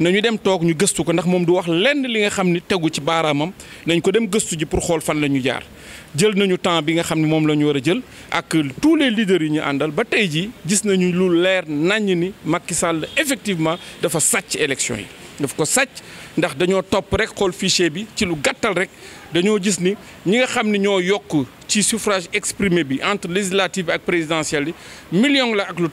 Nous dem ñu ko ndax du wax lenn dem ji pour temps bi tous les leaders yi ñu àndal ba tey ji gis nañu lu leer nañ ni Macky Sall effectivement dafa élection yi. daf ko ndax rek xool fichier bi ci lu gàttal rek dañoo gis ni nous nga xam ci suffrage exprimé entre législative ak présidentielle millions la ak lu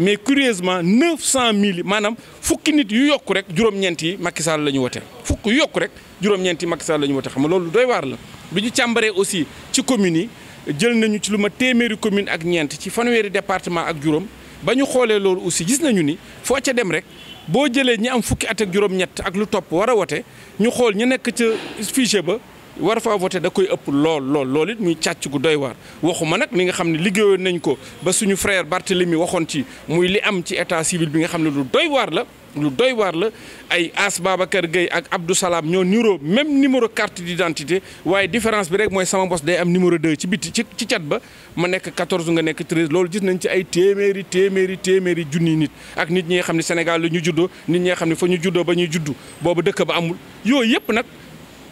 mais curieusement neuf cent mille maanaam fukki nit yu yokk rek juróom-ñeent yi Macky Sall la ñu wote fukk yu yokk rek juróom ñeenti yi Macky Sall la ñu wote xam nga loolu doy waar la lu ñu càmbaree aussi ci communes yi jël nañu ci lu ma téeméeri commune ak ñeent ci fanweeri département ak juróom ba ñu xoolee loolu aussi gis nañu ni foo ca dem rek boo jëlee ñi am fukki at ak juróom-ñett ak lu topp war a wote ñu xool ñu nekk ca fichier ba war faa voté da koy ëpp lool lool lool it muy càcc gu doy waar waxuma nag li nga xam ne liggéeyoon nañ ko ba suñu frère Barthélemy waxoon ci muy li am ci état civil bi nga xam ne lu doy waar la lu doy waar la ay As Babacar Gueye ak Abdou Salam ñoo niroo même numéro carte d'identité waaye différence bi rek mooy sama bos day am numéro 2 ci biti ci cat ba ma nekk 14 nga nekk 13 loolu gis nañ ci ay téeméeri téeméeri téeméeri junni nit ak nit ñi nga xam ne Sénégal ñu juddoo nit ñi xam ne fa ñu juddoo ba ñuy juddu boobu dëkk ba amul yooyu yëpp nag.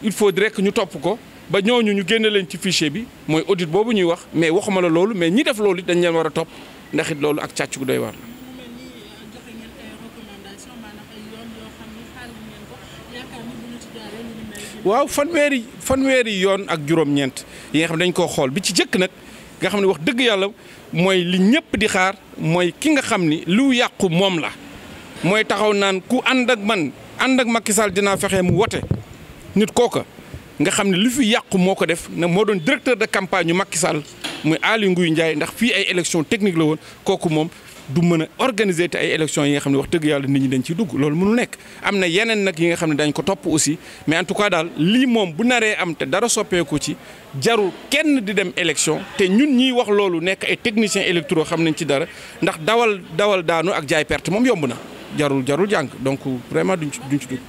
il faudrait que ñu top ko ba ñooñu ñu génne leen ci fichier bi moy audit bobu ñuy wax mais waxuma la loolu mais ñi def loolu dañ leen wara top ndax it loolu ak càcc gu doy waar la. waaw fan wéri yoon ak juróom ñent yi nga xam dañ ko xol bi ci jëk nak nga xam ni wax dëgg yàlla mooy li ñëpp di xaar mooy ki nga xam ni lu yàqu moom la mooy taxaw naan ku ànd ak man ànd ak Macky Sall dinaa fexe mu wote. nit kooka nga xam ne lu fi yàqu moo ko def ne moo doon directeur de campagne yu Macky Sall muy Aly Ngouille Ndiaye ndax fii ay élection technique la woon kooku moom du mën a organiser te ay élection yi nga xam ne wax dëgg yàlla nit ñi dañ ciy dugg loolu mënul nekk am na yeneen nag yi nga xam ne dañ ko topp aussi mais en tout cas daal lii moom bu naree am te dara soppeeku ci jarul kenn di dem election te ñun ñiy wax loolu nekk ay technicien électro xam nañ ci dara ndax dawal dawal daanu ak jaay perte moom yomb na jarul jarul jàng donc vraiment duñ ci duñ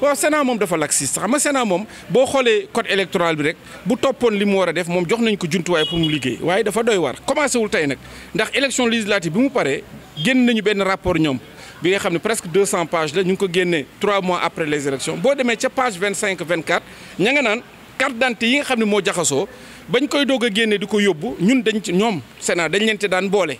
waaw Sénat moom dafa laxiste xam nga Sénat moom boo xoolee code électoral bi rek bu toppoon li mu war a def moom jox nañ ko jumtuwaay pour mu liggéey waaye dafa doy waar commencé wul tey nag ndax élection législative bi mu pare génn nañu benn rapport ñoom bi nga xam ne presque 200 pages la ñu ngi ko génnee 3 mois après les élections boo demee ca page 25 24 ña nga naan carte d'identité yi nga xam ne moo jaxasoo bañ koy doog génne di ko yóbbu ñun dañ ci ñoom Sénat dañ leen ci daan boole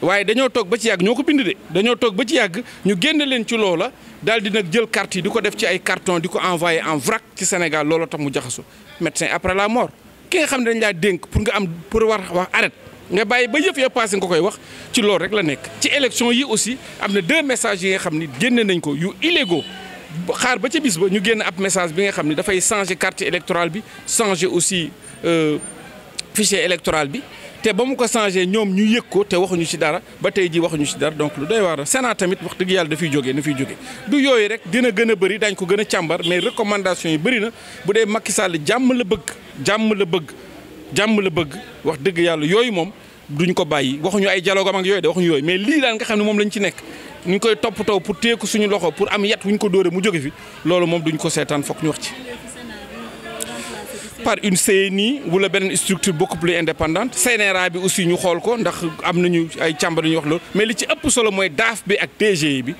waaye dañoo toog ba ci yàgg ñoo ko bind de dañoo toog ba ci yàgg ñu génn leen ci loola daal dina jël carte yi di ko def ci ay carton di ko envoyé en vrac ci Sénégal looloo tax mu jaxasu médecin après la mort ki nga xam ne dañ laa dénk pour nga am pour war wax arrête nga bàyyi ba yëf ya passé nga koy wax ci loolu rek la nekk. ci élection yi aussi am na deux message yi nga xam ni génne nañ ko yu illégaux xaar ba ca bis ba ñu génn ab message bi nga xam ni dafay changer carte électorale bi changer aussi. Euh, fichier électoral bi te ba mu ko changé ñoom ñu yëg ko te waxuñu ci dara ba tey jii waxuñu ci dara donc lu day wax la Sénat tamit wax dëgg yàlla dafay jóge na fiy jógee du yooyu rek dina gën a bëri dañ ko gën a càmbar mais recommandation yi bëri na bu dee Macky Sall jàmm la bëgg jàmm la bëgg jàmm la bëgg wax dëgg yàlla yooyu moom duñ ko bàyyi waxuñu ay dialogue am ak yooyu de waxuñu yooyu mais lii daal nga xam ne moom lañ ci nekk ñu koy toppatoo pour téye ko suñu loxo pour am yat wuñ ko dóore mu jóge fi loolu moom duñ ko seetaan foog ñu wax ci par une CNI wala beneen structure beaucoup plus indépendante CNRA bi aussi ñu xool ko ndax am nañu ay càmbar ñu wax loolu mais li ci ëpp solo mooy DAF bi ak DG bi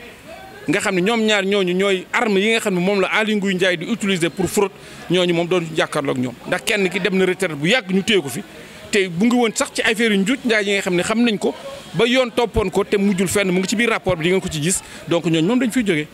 nga xam ne ñoom ñaar ñooñu ñooy arme yi nga xam ne moom la Aly Ngouille Ndiaye di utiliser pour fraude ñooñu moom doon jàkkaarloog ñoom ndax kenn ki dem na retraite bu yàgg ñu téye ko fi te bu ngi woon sax ci affaire yu njuuj njaay yi nga xam ne xam nañ ko ba yoon toppoon ko te mujjul fenn mu ngi ci biir rapport bi nga ko ci gis donc ñooñu moom dañ fiy jógee